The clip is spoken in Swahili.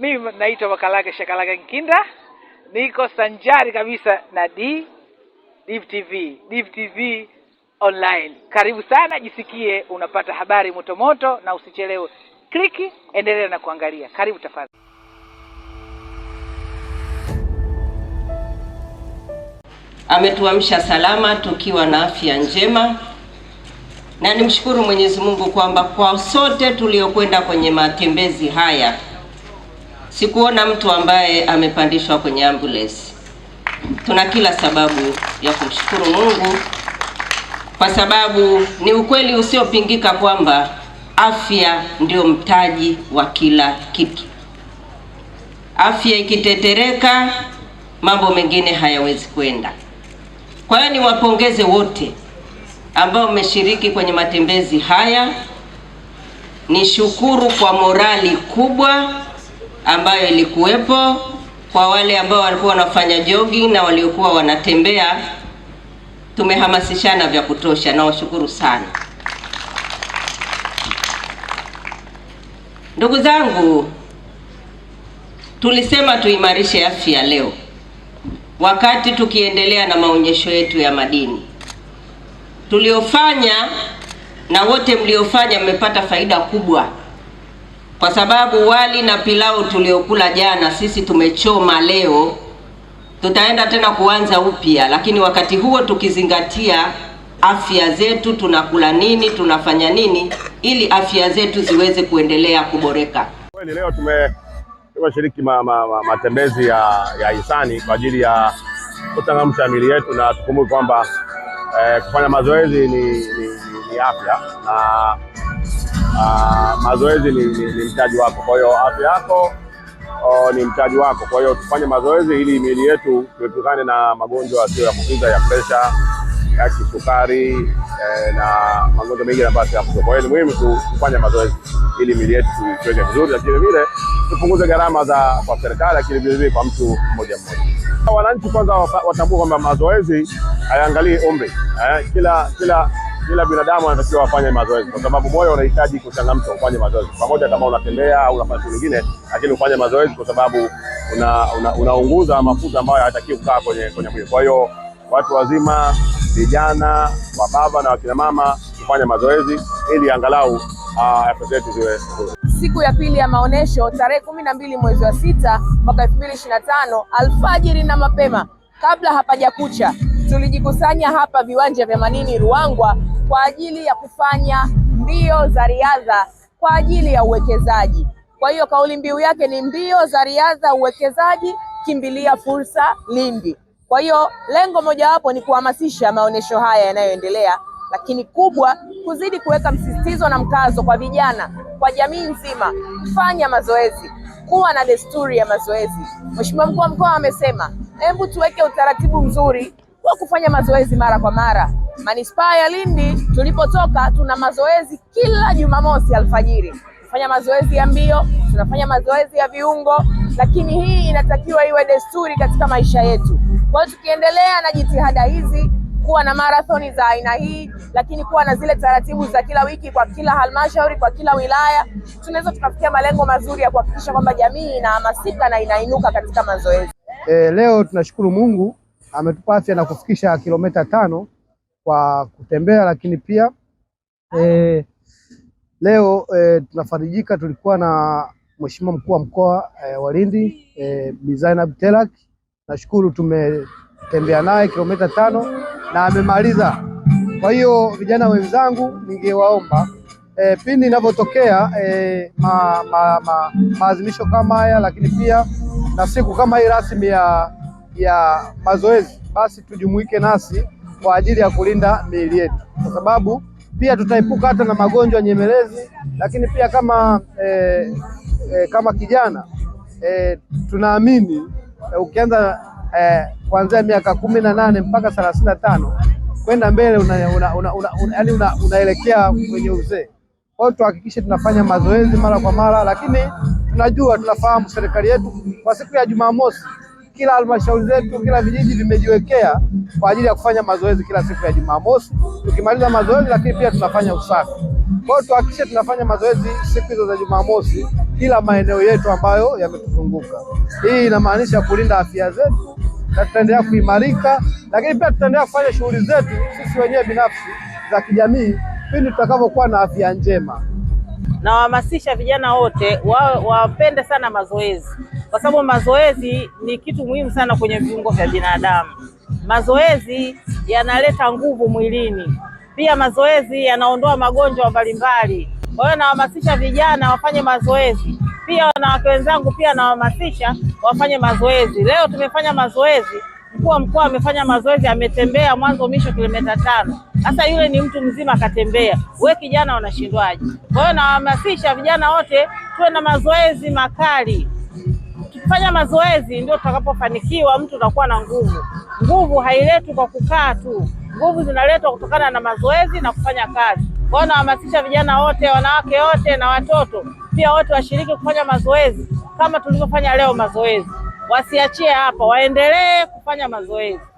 Mimi naitwa Makalage Shakalage Nkinda, niko sanjari kabisa na D Div TV, Div TV online. Karibu sana, jisikie unapata habari motomoto na usichelewe. Kliki, endelea na kuangalia. Karibu tafadhali. Ametuamsha salama tukiwa na afya njema, na nimshukuru Mwenyezi Mungu kwamba kwa sote tuliokwenda kwenye matembezi haya Sikuona mtu ambaye amepandishwa kwenye ambulance. Tuna kila sababu ya kumshukuru Mungu kwa sababu ni ukweli usiopingika kwamba afya ndio mtaji wa kila kitu. Afya ikitetereka, mambo mengine hayawezi kwenda. Kwa hiyo niwapongeze wote ambao mmeshiriki kwenye matembezi haya. Nishukuru kwa morali kubwa ambayo ilikuwepo kwa wale ambao walikuwa wanafanya jogging na waliokuwa wanatembea. Tumehamasishana vya kutosha, nawashukuru sana ndugu zangu. Tulisema tuimarishe afya leo wakati tukiendelea na maonyesho yetu ya madini tuliofanya, na wote mliofanya mmepata faida kubwa kwa sababu wali na pilau tuliokula jana sisi tumechoma leo, tutaenda tena kuanza upya, lakini wakati huo tukizingatia afya zetu, tunakula nini, tunafanya nini ili afya zetu ziweze kuendelea kuboreka. Kweli leo tume tumeshiriki ma, ma, ma, matembezi ya, ya hisani kwa ajili ya kuchangamsha miili yetu na tukumbuke kwamba eh, kufanya mazoezi ni, ni, ni, ni afya na Ah, mazoezi ni, ni, ni mtaji wako. Kwa hiyo afya yako uh, ni mtaji wako. Kwa hiyo tufanye mazoezi ili miili yetu tuepukane na magonjwa sio ya kuumiza ya presha ya kisukari eh, na magonjwa mengine ambayo si ya Kwa hiyo ni muhimu tufanye mazoezi ili miili yetu tuweke vizuri, lakini vile tupunguze gharama za kwa serikali, lakini vile vile kwa mtu mmoja mmoja. Wananchi kwanza watambue kwamba mazoezi hayaangalii umri eh, kila kila kila binadamu anatakiwa afanye mazoezi, kwa sababu moyo unahitaji kuchangamsha ufanye mazoezi pamoja, kama unatembea au unafanya shughuli nyingine, lakini ufanye mazoezi, kwa sababu unaunguza una, una mafuta ambayo hayatakiwi kukaa kwenye kwenye mwili. Kwa hiyo watu wazima, vijana, wababa na wakina mama kufanya mazoezi ili angalau ah, afya zetu ziwe Siku ya pili ya maonesho tarehe kumi na mbili mwezi wa sita mwaka elfu mbili ishirini na tano alfajiri na mapema, kabla hapajakucha, tulijikusanya hapa viwanja vya Manini Ruangwa kwa ajili ya kufanya mbio za riadha kwa ajili ya uwekezaji. Kwa hiyo kauli mbiu yake ni mbio za riadha, uwekezaji, kimbilia fursa Lindi. Kwa hiyo lengo mojawapo ni kuhamasisha maonesho haya yanayoendelea, lakini kubwa kuzidi kuweka msisitizo na mkazo kwa vijana, kwa jamii nzima, kufanya mazoezi, kuwa na desturi ya mazoezi. Mheshimiwa mkuu wa mkoa amesema, hebu tuweke utaratibu mzuri wa kufanya mazoezi mara kwa mara. Manispaa ya Lindi tulipotoka, tuna mazoezi kila Jumamosi alfajiri, tunafanya mazoezi ya mbio, tunafanya mazoezi ya viungo, lakini hii inatakiwa iwe desturi katika maisha yetu. Kwa hiyo tukiendelea na jitihada hizi kuwa na marathoni za aina hii, lakini kuwa na zile taratibu za kila wiki kwa kila halmashauri, kwa kila wilaya, tunaweza tukafikia malengo mazuri ya kuhakikisha kwamba jamii inahamasika na inainuka katika mazoezi. E, leo tunashukuru Mungu ametupa afya na kufikisha kilomita tano kwa kutembea, lakini pia e, leo e, tunafarijika tulikuwa na Mheshimiwa mkuu wa mkoa e, wa Lindi e, Bi Zainab nashukuru tumetembea naye kilomita tano na amemaliza. Kwa hiyo vijana wenzangu, ningewaomba e, pindi inavyotokea e, ma, ma, ma, maazimisho kama haya, lakini pia na siku kama hii rasmi ya, ya mazoezi, basi tujumuike nasi kwa ajili ya kulinda miili yetu, kwa sababu pia tutaepuka hata na magonjwa nyemelezi, lakini pia kama e, e, kama kijana e, tunaamini e, ukianza e, kuanzia miaka kumi na nane mpaka thelathini na tano kwenda mbele unaelekea una, una, una, una, una, una kwenye uzee. Kwa hiyo tuhakikishe tunafanya mazoezi mara kwa mara, lakini tunajua tunafahamu serikali yetu kwa siku ya Jumamosi kila halmashauri zetu, kila vijiji vimejiwekea kwa ajili ya kufanya mazoezi kila siku ya Jumamosi. Tukimaliza mazoezi, lakini pia tunafanya usafi. Kwa hiyo tuhakikishe tunafanya mazoezi siku hizo za Jumamosi kila maeneo yetu ambayo yametuzunguka. Hii inamaanisha kulinda afya zetu na tutaendelea kuimarika, lakini pia tutaendelea kufanya shughuli zetu sisi wenyewe binafsi za kijamii pindi tutakavyokuwa na afya njema nawahamasisha vijana wote wapende wa sana mazoezi, kwa sababu mazoezi ni kitu muhimu sana kwenye viungo vya binadamu. Mazoezi yanaleta nguvu mwilini, pia mazoezi yanaondoa magonjwa mbalimbali. Kwa hiyo nawahamasisha vijana wafanye mazoezi, pia wanawake wenzangu, pia nawahamasisha wafanye mazoezi. Leo tumefanya mazoezi, mkuu wa mkoa amefanya mazoezi, ametembea mwanzo mwisho kilomita tano. Sasa yule ni mtu mzima katembea, we kijana unashindwaje? Kwa hiyo nawahamasisha vijana wote tuwe na mazoezi makali. Tukifanya mazoezi ndio tutakapofanikiwa. Mtu utakuwa na nguvu. Nguvu hailetwi kwa kukaa tu, nguvu zinaletwa kutokana na mazoezi na kufanya kazi. Kwa hiyo nawahamasisha vijana wote, wanawake wote na watoto pia, wote washiriki kufanya mazoezi kama tulivyofanya leo mazoezi. Wasiachie hapa, waendelee kufanya mazoezi.